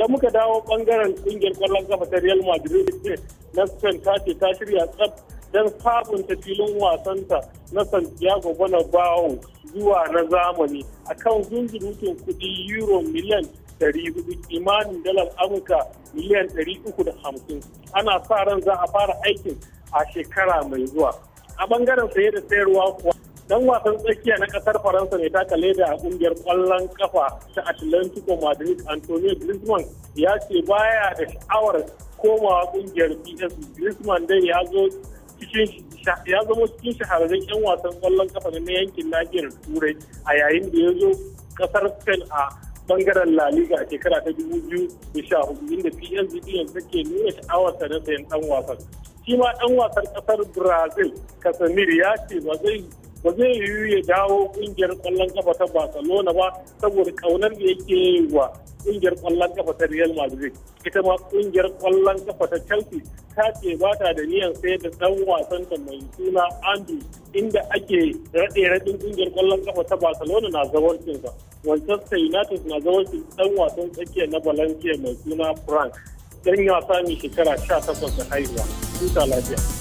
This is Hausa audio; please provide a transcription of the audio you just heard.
idan muka dawo bangaren kungiyar kwallon kafa ta real madrid na spain ta ce ta shirya tsab don sabunta filin wasanta na santiago bernabeu zuwa na zamani akan zunzurutun kudi euro miliyan 400 imanin dalar amurka miliyan 350 ana sa ran za a fara aikin a shekara mai zuwa a bangaren saye da sayarwa kuwa dan wasan tsakiya na kasar faransa ne taka leda a kungiyar kwallon kafa ta atlantico madrid antonio griezmann ya ce baya da sha'awar komawa kungiyar ps griezmann dai ya zo cikin ya zama cikin shahararren 'yan wasan kwallon kafa na yankin nahiyar turai a yayin da ya zo kasar spain a bangaren La Liga a shekara ta 2014 inda PSG yanzu take nuna sha'awarsa na sayan dan wasan. Shi ma dan wasan kasar Brazil Casemiro ya ce ba zai ba zai yiwu ya dawo kungiyar kwallon kafa ta barcelona ba saboda kaunar da yake wa kungiyar kwallon kafa ta real madrid ita ma kungiyar kwallon kafa ta chelsea ta ce ba ta da niyan sai da dan wasan ta mai suna andu inda ake rade radin kungiyar kwallon kafa ta barcelona na zawarcin sa manchester united na zawarcin dan wasan tsakiya na valencia mai suna frank dan wasa mai shekara 18 da haihuwa. Tuta lafiya.